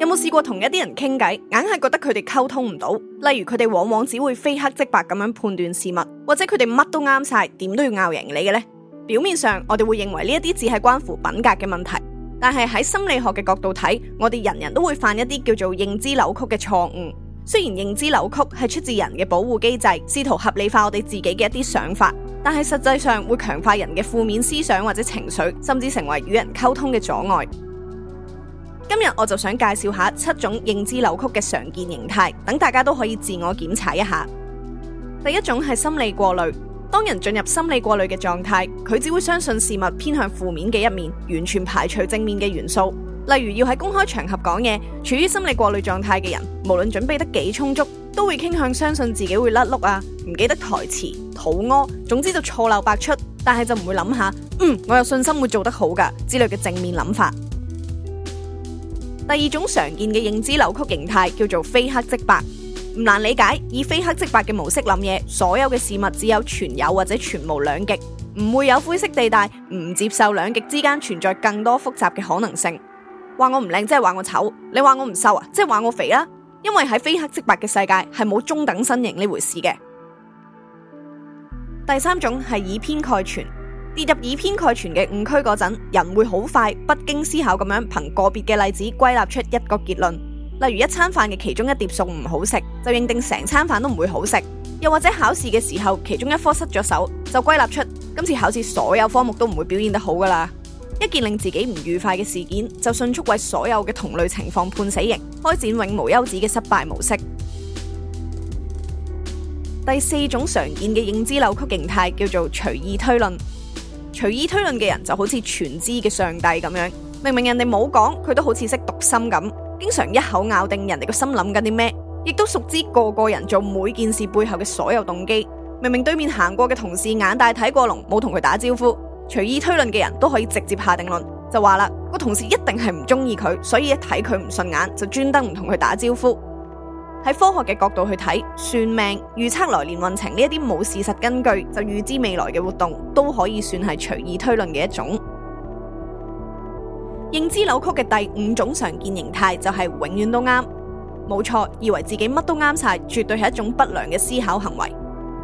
有冇試過同一啲人傾偈，硬係覺得佢哋溝通唔到？例如佢哋往往只會非黑即白咁樣判斷事物，或者佢哋乜都啱晒，點都要拗贏你嘅呢？表面上我哋會認為呢一啲只係關乎品格嘅問題，但係喺心理學嘅角度睇，我哋人人都會犯一啲叫做認知扭曲嘅錯誤。雖然認知扭曲係出自人嘅保護機制，試圖合理化我哋自己嘅一啲想法，但係實際上會強化人嘅負面思想或者情緒，甚至成為與人溝通嘅阻礙。今日我就想介紹下七種認知扭曲嘅常見形態，等大家都可以自我檢查一下。第一種係心理過濾，當人進入心理過濾嘅狀態，佢只會相信事物偏向負面嘅一面，完全排除正面嘅元素。例如要喺公開場合講嘢，處於心理過濾狀態嘅人，無論準備得幾充足，都會傾向相信自己會甩碌啊，唔記得台詞、肚屙，總之就錯漏百出。但係就唔會諗下，嗯，我有信心會做得好噶，之類嘅正面諗法。第二種常見嘅認知扭曲形態叫做非黑即白，唔難理解。以非黑即白嘅模式諗嘢，所有嘅事物只有全有或者全無兩極，唔會有灰色地帶，唔接受兩極之間存在更多複雜嘅可能性。話我唔靚，即係話我醜；你話我唔瘦啊，即係話我肥啦。因為喺非黑即白嘅世界，係冇中等身形呢回事嘅。第三種係以偏概全。跌入以偏概全嘅誤區嗰陣，人會好快，不經思考咁樣憑個別嘅例子歸納出一個結論，例如一餐飯嘅其中一碟餸唔好食，就認定成餐飯都唔會好食；又或者考試嘅時候其中一科失咗手，就歸納出今次考試所有科目都唔會表現得好㗎喇。一件令自己唔愉快嘅事件，就迅速為所有嘅同類情況判死刑，開展永無休止嘅失敗模式。第四種常見嘅認知扭曲形態，叫做隨意推論。隨意推論嘅人就好似全知嘅上帝咁樣，明明人哋冇講，佢都好似識讀心咁，經常一口咬定人哋個心諗緊啲咩，亦都熟知個個人做每件事背後嘅所有動機。明明對面行過嘅同事眼大睇過龍，冇同佢打招呼，隨意推論嘅人都可以直接下定論，就話啦，個同事一定係唔中意佢，所以一睇佢唔順眼，就專登唔同佢打招呼。喺科學嘅角度去睇，算命、預測來年運程呢一啲冇事實根據就預知未來嘅活動，都可以算係隨意推論嘅一種。認知扭曲嘅第五種常見形態，就係永遠都啱。冇錯，以為自己乜都啱晒，絕對係一種不良嘅思考行為。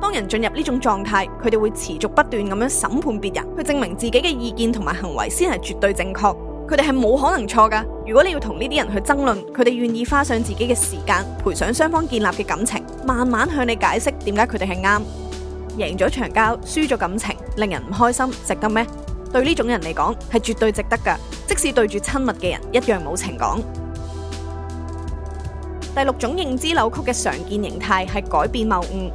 當人進入呢種狀態，佢哋會持續不斷咁樣審判別人，去證明自己嘅意見同埋行為先係絕對正確。佢哋係冇可能錯噶。如果你要同呢啲人去爭論，佢哋願意花上自己嘅時間，賠上雙方建立嘅感情，慢慢向你解釋點解佢哋係啱。贏咗場交，輸咗感情，令人唔開心，值得咩？對呢種人嚟講，係絕對值得噶。即使對住親密嘅人，一樣冇情講。第六種認知扭曲嘅常見形態係改變謬誤。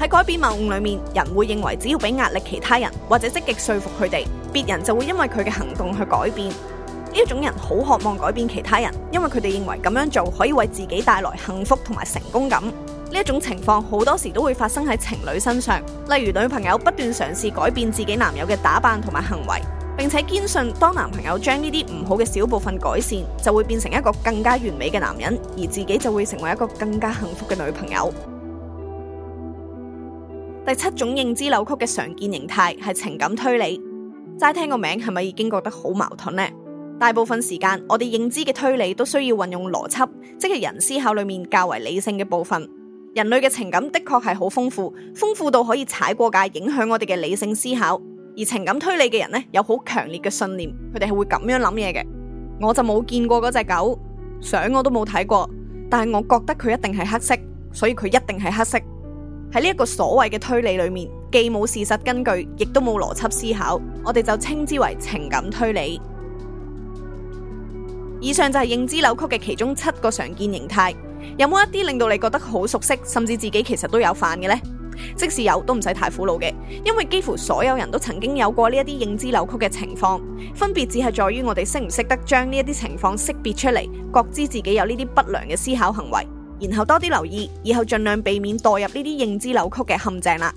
喺改變謬誤裏面，人會認為只要俾壓力其他人，或者積極說服佢哋，別人就會因為佢嘅行動去改變。呢一種人好渴望改變其他人，因為佢哋認為咁樣做可以為自己帶來幸福同埋成功感。呢一種情況好多時都會發生喺情侶身上，例如女朋友不斷嘗試改變自己男友嘅打扮同埋行為，並且堅信當男朋友將呢啲唔好嘅小部分改善，就會變成一個更加完美嘅男人，而自己就會成為一個更加幸福嘅女朋友。第七種認知扭曲嘅常見形態係情感推理，齋聽個名係咪已經覺得好矛盾呢？大部分時間，我哋認知嘅推理都需要運用邏輯，即係人思考裏面較為理性嘅部分。人類嘅情感的確係好豐富，豐富到可以踩過界，影響我哋嘅理性思考。而情感推理嘅人呢，有好強烈嘅信念，佢哋係會咁樣諗嘢嘅。我就冇見過嗰隻狗，相我都冇睇過，但係我覺得佢一定係黑色，所以佢一定係黑色。喺呢一個所謂嘅推理裏面，既冇事實根據，亦都冇邏輯思考，我哋就稱之為情感推理。以上就係認知扭曲嘅其中七個常見形態，有冇一啲令到你覺得好熟悉，甚至自己其實都有犯嘅呢？即使有，都唔使太苦惱嘅，因為幾乎所有人都曾經有過呢一啲認知扭曲嘅情況，分別只係在於我哋識唔識得將呢一啲情況識別出嚟，覺知自，自己有呢啲不良嘅思考行為，然後多啲留意，以後盡量避免墮入呢啲認知扭曲嘅陷阱啦。